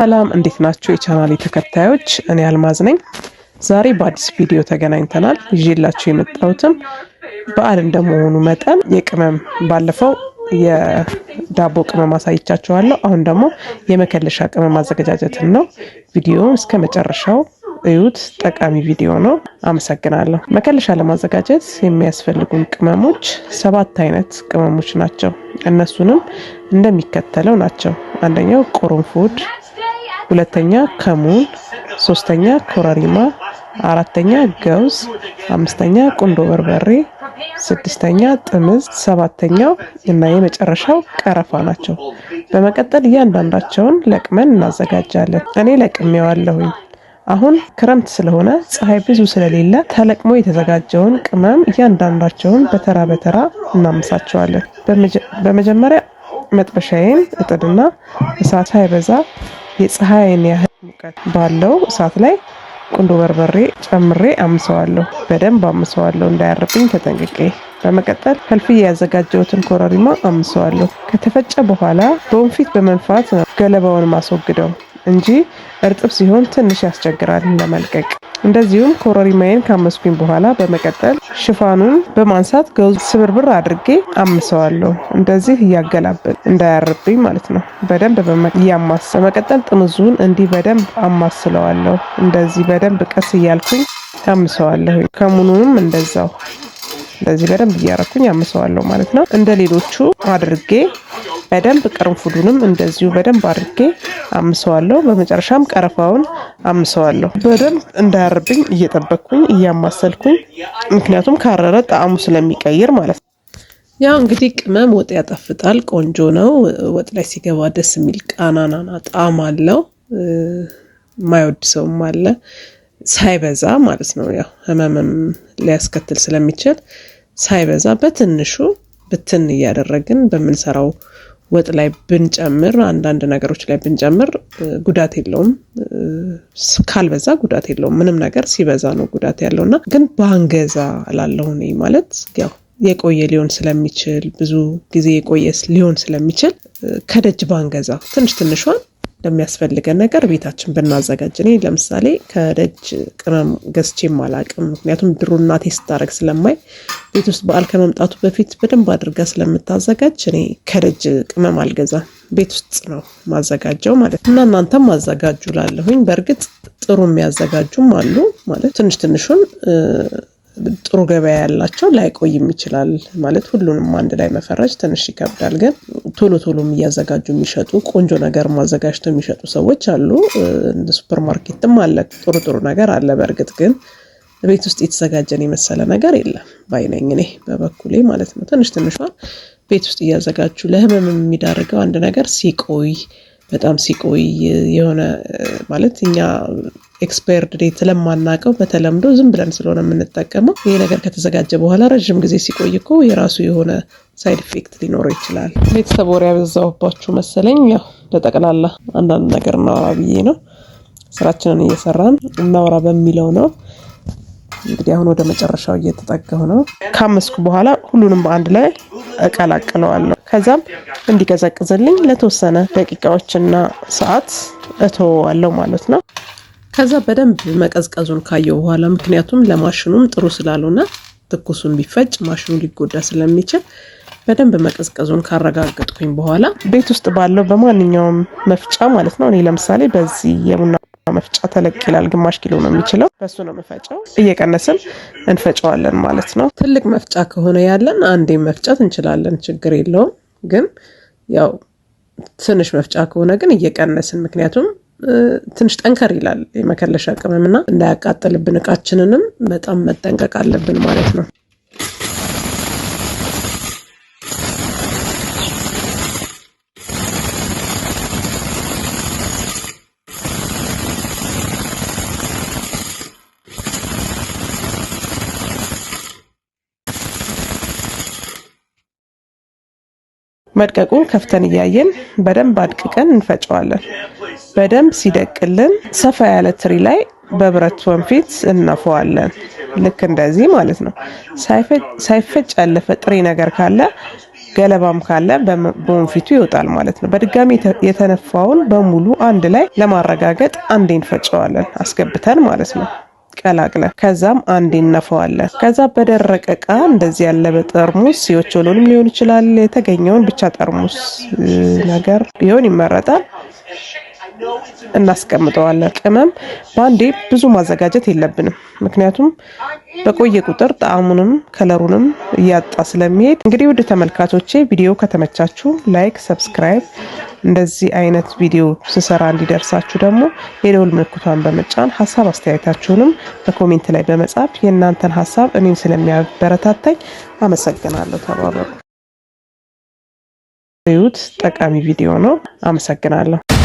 ሰላም እንዴት ናችሁ? የቻናል ተከታዮች እኔ አልማዝ ነኝ። ዛሬ በአዲስ ቪዲዮ ተገናኝተናል። ይዤላችሁ የመጣሁትም በዓል እንደመሆኑ መጠን የቅመም ባለፈው የዳቦ ቅመም አሳይቻችኋለሁ። አሁን ደግሞ የመከለሻ ቅመም አዘገጃጀትን ነው። ቪዲዮውን እስከ መጨረሻው እዩት። ጠቃሚ ቪዲዮ ነው። አመሰግናለሁ። መከለሻ ለማዘጋጀት የሚያስፈልጉን ቅመሞች ሰባት አይነት ቅመሞች ናቸው። እነሱንም እንደሚከተለው ናቸው። አንደኛው ቅርንፉድ ሁለተኛ ከሙን፣ ሶስተኛ ኮረሪማ፣ አራተኛ ገውዝ፣ አምስተኛ ቁንዶ በርበሬ፣ ስድስተኛ ጥምዝ፣ ሰባተኛው እና የመጨረሻው ቀረፋ ናቸው። በመቀጠል እያንዳንዳቸውን ለቅመን እናዘጋጃለን። እኔ ለቅሜዋለሁኝ። አሁን ክረምት ስለሆነ ፀሐይ ብዙ ስለሌለ ተለቅሞ የተዘጋጀውን ቅመም እያንዳንዳቸውን በተራ በተራ እናምሳቸዋለን። በመጀመሪያ መጥበሻዬን እጥድና እሳት ሳይበዛ የፀሐይን ያህል ሙቀት ባለው እሳት ላይ ቁንዶ በርበሬ ጨምሬ አምሰዋለሁ። በደንብ አምሰዋለሁ እንዳያርብኝ ተጠንቅቄ። በመቀጠል ከልፍዬ ያዘጋጀሁትን ኮረሪማ አምሰዋለሁ። ከተፈጨ በኋላ በወንፊት በመንፋት ነው ገለባውን ማስወግደው። እንጂ እርጥብ ሲሆን ትንሽ ያስቸግራል ለመልቀቅ። እንደዚሁም ኮረሪማዬን ካመስኩኝ በኋላ በመቀጠል ሽፋኑን በማንሳት ገውዝ ስብርብር አድርጌ አምሰዋለሁ። እንደዚህ እያገላበጥ እንዳያርብኝ ማለት ነው። በደንብ እያማስ በመቀጠል ጥምዙን እንዲህ በደንብ አማስለዋለሁ። እንደዚህ በደንብ ቀስ እያልኩኝ አምሰዋለሁ። ከሙኑንም እንደዛው እንደዚህ በደንብ እያረኩኝ አምሰዋለሁ ማለት ነው። እንደ ሌሎቹ አድርጌ በደንብ ቅርንፉዱንም እንደዚሁ በደንብ አድርጌ አምሰዋለሁ። በመጨረሻም ቀረፋውን አምሰዋለሁ። በደንብ እንዳያርብኝ እየጠበቅኩኝ እያማሰልኩኝ፣ ምክንያቱም ካረረ ጣዕሙ ስለሚቀይር ማለት ነው። ያው እንግዲህ ቅመም ወጥ ያጣፍጣል፣ ቆንጆ ነው። ወጥ ላይ ሲገባ ደስ የሚል ቃናናና ጣዕም አለው። የማይወድ ሰውም አለ ሳይበዛ ማለት ነው። ያው ህመምም ሊያስከትል ስለሚችል ሳይበዛ በትንሹ ብትን እያደረግን በምንሰራው ወጥ ላይ ብንጨምር አንዳንድ ነገሮች ላይ ብንጨምር ጉዳት የለውም። ካልበዛ ጉዳት የለውም። ምንም ነገር ሲበዛ ነው ጉዳት እና ግን ባንገዛ ላለው እኔ ማለት ያው የቆየ ሊሆን ስለሚችል ብዙ ጊዜ የቆየ ሊሆን ስለሚችል ከደጅ ባንገዛ ትንሽ ትንሿን ለሚያስፈልገን ነገር ቤታችን ብናዘጋጅ። እኔ ለምሳሌ ከደጅ ቅመም ገዝቼ አላቅም። ምክንያቱም ድሩና ቴስት ስታደርግ ስለማይ ቤት ውስጥ በዓል ከመምጣቱ በፊት በደንብ አድርጋ ስለምታዘጋጅ እኔ ከደጅ ቅመም አልገዛም። ቤት ውስጥ ነው ማዘጋጀው ማለት እና እናንተም አዘጋጁ ላለሁኝ። በእርግጥ ጥሩ የሚያዘጋጁም አሉ ማለት ትንሽ ትንሹን ጥሩ ገበያ ያላቸው ላይቆይም ይችላል ማለት ሁሉንም አንድ ላይ መፈረጅ ትንሽ ይከብዳል። ግን ቶሎ ቶሎም እያዘጋጁ የሚሸጡ ቆንጆ ነገር ማዘጋጅተው የሚሸጡ ሰዎች አሉ። ሱፐር ማርኬትም አለ፣ ጥሩ ጥሩ ነገር አለ። በእርግጥ ግን ቤት ውስጥ የተዘጋጀን የመሰለ ነገር የለም ባይነኝ እኔ በበኩሌ ማለት ነው። ትንሽ ትንሿን ቤት ውስጥ እያዘጋጁ ለህመም የሚዳርገው አንድ ነገር ሲቆይ በጣም ሲቆይ የሆነ ማለት እኛ ኤክስፓየርድ ዴት ስለማናቀው በተለምዶ ዝም ብለን ስለሆነ የምንጠቀመው ይሄ ነገር ከተዘጋጀ በኋላ ረዥም ጊዜ ሲቆይ እኮ የራሱ የሆነ ሳይድ ኢፌክት ሊኖረው ይችላል። ቤተሰብ ወሬ ያበዛሁባችሁ መሰለኝ። ያው ለጠቅላላ አንዳንድ ነገር እናወራ ብዬ ነው። ስራችንን እየሰራን እናወራ በሚለው ነው። እንግዲህ አሁን ወደ መጨረሻው እየተጠገሁ ነው። ካመስኩ በኋላ ሁሉንም በአንድ ላይ እቀላቅለዋለሁ። ከዛም እንዲቀዘቅዝልኝ ለተወሰነ ደቂቃዎችና ሰዓት እተወዋለሁ ማለት ነው። ከዛ በደንብ መቀዝቀዙን ካየው በኋላ ምክንያቱም ለማሽኑም ጥሩ ስላልሆነ ትኩሱን ቢፈጭ ማሽኑ ሊጎዳ ስለሚችል በደንብ መቀዝቀዙን ካረጋገጥኩኝ በኋላ ቤት ውስጥ ባለው በማንኛውም መፍጫ ማለት ነው። እኔ ለምሳሌ በዚህ የቡና የሾርባ መፍጫ ተለቅ ይላል። ግማሽ ኪሎ ነው የሚችለው። በሱ ነው መፈጫው። እየቀነስን እንፈጨዋለን ማለት ነው። ትልቅ መፍጫ ከሆነ ያለን አንዴ መፍጨት እንችላለን፣ ችግር የለውም። ግን ያው ትንሽ መፍጫ ከሆነ ግን እየቀነስን ምክንያቱም ትንሽ ጠንከር ይላል የመከለሻ ቅመምና እንዳያቃጥልብን እቃችንንም በጣም መጠንቀቅ አለብን ማለት ነው። መድቀቁን ከፍተን እያየን በደንብ አድቅቀን እንፈጨዋለን። በደንብ ሲደቅልን ሰፋ ያለ ትሪ ላይ በብረት ወንፊት እነፈዋለን። ልክ እንደዚህ ማለት ነው። ሳይፈጭ ያለፈ ጥሬ ነገር ካለ ገለባም ካለ በወንፊቱ ይወጣል ማለት ነው። በድጋሚ የተነፋውን በሙሉ አንድ ላይ ለማረጋገጥ አንዴ እንፈጨዋለን አስገብተን ማለት ነው። ቀላቅለን ከዛም አንድ እነፈዋለን። ከዛ በደረቀ እቃ እንደዚህ ያለ በጠርሙስ የኦቾሎንም ሊሆን ይችላል የተገኘውን ብቻ ጠርሙስ ነገር ቢሆን ይመረጣል። እናስቀምጠዋለን። ቅመም በአንዴ ብዙ ማዘጋጀት የለብንም፣ ምክንያቱም በቆየ ቁጥር ጣዕሙንም ከለሩንም እያጣ ስለሚሄድ እንግዲህ ውድ ተመልካቾቼ ቪዲዮ ከተመቻችሁ ላይክ፣ ሰብስክራይብ እንደዚህ አይነት ቪዲዮ ስሰራ እንዲደርሳችሁ ደግሞ የደውል ምልክቷን በመጫን ሀሳብ አስተያየታችሁንም በኮሜንት ላይ በመጻፍ የእናንተን ሀሳብ እኔም ስለሚያበረታታኝ አመሰግናለሁ። ተባበሩ። ዩት ጠቃሚ ቪዲዮ ነው። አመሰግናለሁ።